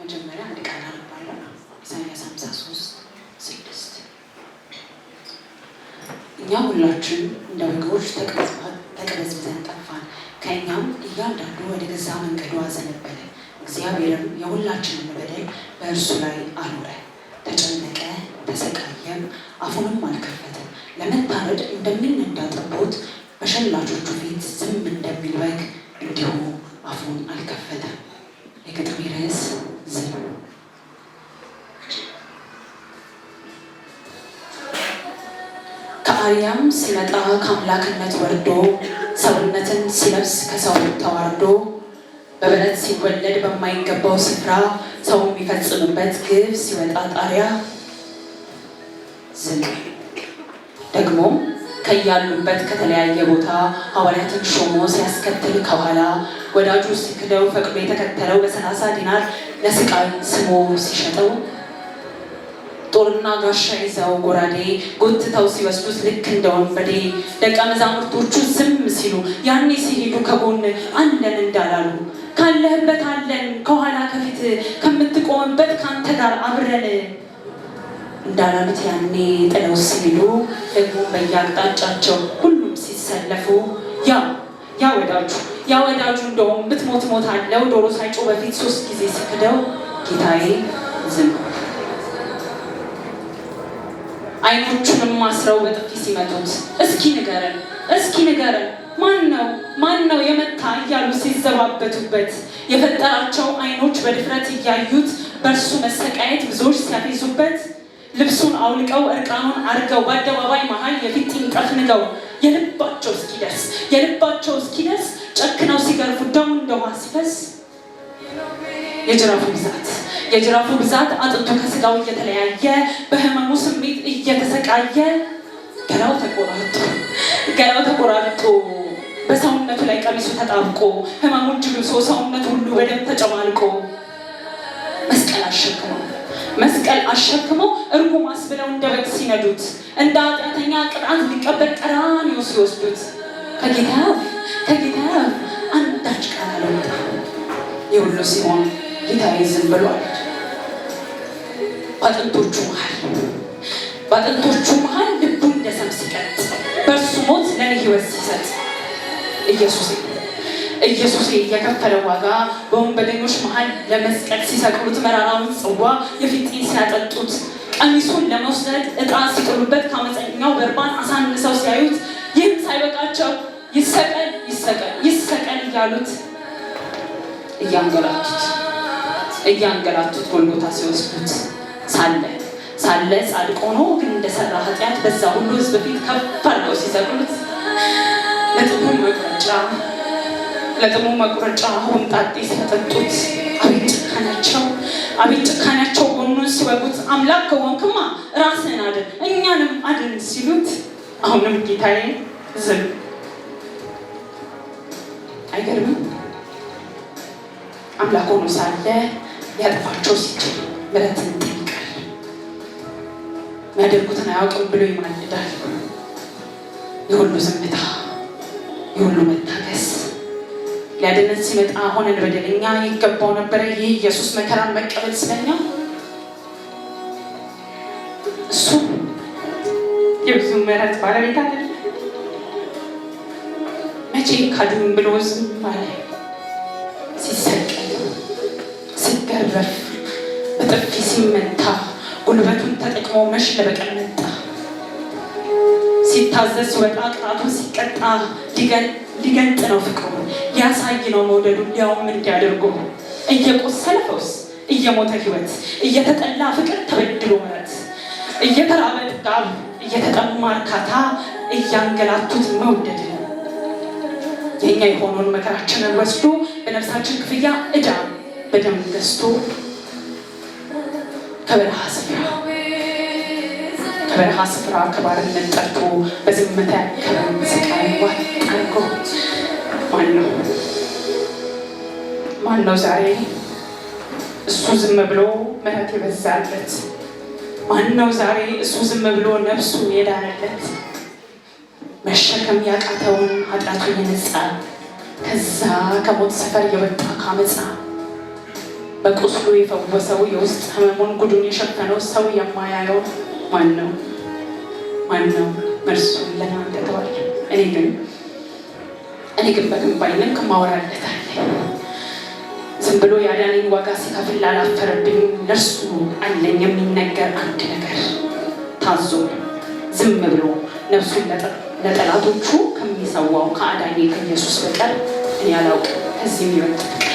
መጀመሪያ አንድ ቃል አነባለሁ። ኢሳያስ ሃምሳ ሶስት ስድስት እኛ ሁላችን እንደ በጎች ተቅበዝብዘን ጠፋን፣ ከእኛም እያንዳንዱ ወደ ገዛ መንገዱ አዘነበለ። እግዚአብሔርም የሁላችንን በደል በእርሱ ላይ አኖረ። ተጨነቀ፣ ተሰቃየም፣ አፉንም አልከፈተም። ለመታረድ እንደሚነዳ ጠቦት በሸላቾቹ ፊት ዝም እንደሚል በግ እንዲሁ አፉን አልከፈተም። ከአርያም ሲመጣ ከአምላክነት ወርዶ ሰውነትን ሲለብስ ከሰው ተዋርዶ በበረት ሲወለድ በማይገባው ስፍራ ሰው የሚፈጽምበት ግብ ሲወጣ ጣሪያ ዝቅ ደግሞ ከያሉበት ከተለያየ ቦታ ሐዋርያትን ሾሞ ሲያስከትል ከኋላ ወዳጁ ሲክደው ፈቅዶ የተከተለው በሰላሳ ዲናር ለስቃይ ስሞ ሲሸጠው ጦርና ጋሻ ይዘው ጎራዴ ጎትተው ሲወስዱት ልክ እንደ ወንበዴ ደቀ መዛሙርቶቹ ዝም ሲሉ ያኔ ሲሄዱ ከጎን አለን እንዳላሉ ካለህበት አለን ከኋላ ከፊት ከምትቆምበት ከአንተ ጋር አብረን እንዳላሉት ያኔ ጥለው ሲሉ ደግሞ በየአቅጣጫቸው ሁሉም ሲሰለፉ ያ ያ ወዳጁ ያ ወዳጁ እንደውም ብትሞት ሞት አለው ዶሮ ሳይጮ በፊት ሶስት ጊዜ ሲክደው ጌታዬ ዝም አይኖችንም አስረው በጥፊ ሲመቱት፣ እስኪ ንገረን፣ እስኪ ንገረን ማን ነው ማን ነው የመታ እያሉ ሲዘባበቱበት፣ የፈጠራቸው አይኖች በድፍረት እያዩት በእርሱ መሰቃየት ብዙዎች ሲያፌዙበት፣ ልብሱን አውልቀው እርቃኑን አድርገው በአደባባይ መሀል የፊት ንገው የልባቸው እስኪደርስ የልባቸው እስኪደርስ ጨክነው ሲገርፉ ደሙ እንደውሃ ሲፈስ የጅራፉ ብዛት የጅራፉ ብዛት አጥንቱ ከስጋው እየተለያየ በህመሙ ስሜት እየተሰቃየ ገላው ተቆራርጦ ገላው ተቆራርጦ በሰውነቱ ላይ ቀሚሱ ተጣብቆ ህመሙ እጅ ልብሶ ሰውነቱ ሁሉ በደም ተጨማልቆ መስቀል አሸክሞ መስቀል አሸክሞ እርጉማስ ብለው እንደ በግ ሲነዱት እንደ ኃጢአተኛ ቅጣት ሊቀበል ቀራንዮ ሲወስዱት ከጌታ ከጌታ አንዳች ቃል አልወጣም። የሁሉ ሲሆን ጌታ ዝም ብሏል። በአጥንቶቹ መሃል በአጥንቶቹ መሃል ልቡ እንደ ሰም ሲቀጥ በእርሱ ሞት ለእኔ ህይወት ሲሰጥ ኢየሱሴ ኢየሱሴ የከፈለ ዋጋ በወንበደኞች መሀል ለመስቀል ሲሰቅሉት መራራውን ጽዋ የፊቴን ሲያጠጡት ቀሚሱን ለመውሰድ እጣ ሲጥሉበት ከአመፀኛው በርባን አሳንሰው ሲያዩት ይህም ሳይበቃቸው ይሰቀል ይሰቀል ይሰቀል እያሉት እያንገላቱት እያንገላቱት ጎልጎታ ሲወስዱት ሳለ ሳለ ጻድቅ ሆኖ ግን እንደሰራ ኃጢአት በዛ ሁሉ ህዝብ ፊት ከፍ አድርገው ሲዘግሉት ለጥሙ መቁረጫ ለጥሙ መቁረጫ ሆምጣጤ ስለጠጡት አቤት ጭካኔያቸው አቤት ጭካኔያቸው ጎኑን ሲወጉት አምላክ ከሆንክማ ራስህን አድን እኛንም አድን ሲሉት አሁንም ጌታዬ ዝም አይገርምም አምላክ ሆኖ ሳለ ያጠፋቸው ሲችል ምረትን ያደርጉትን አያውቅም ብሎ ይማልዳል። የሁሉ ዝምታ፣ የሁሉ መታገስ ሊያድነን ሲመጣ ሆነን በደለኛ ይገባው ነበረ። ይህ ኢየሱስ መከራን መቀበል ስለኛ እሱ የብዙ ምሕረት ባለቤት አለ መቼ ካድም ብሎ ዝም ባለ ሲሰቀል፣ ሲገረፍ፣ በጥፊ ሲመታ ጉልበቱን ተጠቅሞ መሽ ለበቀል መጣ። ሲታዘዝ ወጣ ቅጣቱን ሲቀጣ ሊገንጥ ነው ፍቅሩ ያሳይ ነው መውደዱ እንዲያውም እንዲያደርጉ እየቆሰለ ፈውስ እየሞተ ህይወት እየተጠላ ፍቅር ተበድሎ ምረት እየተራበ ጥጋብ እየተጠማ እርካታ እያንገላቱት መውደድ የእኛ የሆነውን መከራችንን ወስዶ በነፍሳችን ክፍያ እዳ በደም ገዝቶ ከበረሃ ስፍራ ከበረሃ ስፍራ ከባርነት ጠርቶ በዝምታ ስቃይ ማን ነው ማን ነው ዛሬ እሱ ዝም ብሎ ምሕረት የበዛለት ማን ነው ዛሬ እሱ ዝም ብሎ ነፍሱ የዳነለት መሸከም ያቃተውን ኃጢአቱ የነጻ ከዛ ከሞት ሰፈር የወጣ ካመፃ በቁስሉ የፈወሰው የውስጥ ህመሙን ጉዱን የሸፈነው ሰው የማያየው ማን ነው? ማን ነው? መርሱን ለእናንተ ተዋለሁ። እኔ ግን እኔ ግን በግንባይንም ከማወራለታለ ዝም ብሎ የአዳኔን ዋጋ ሲከፍል አላፈረብኝ። ለእርሱ አለኝ የሚነገር አንድ ነገር ታዞ ዝም ብሎ ነፍሱን ለጠላቶቹ ከሚሰዋው ከአዳኔ ከኢየሱስ በቀር እኔ አላውቅም። ከዚህ የሚወጥ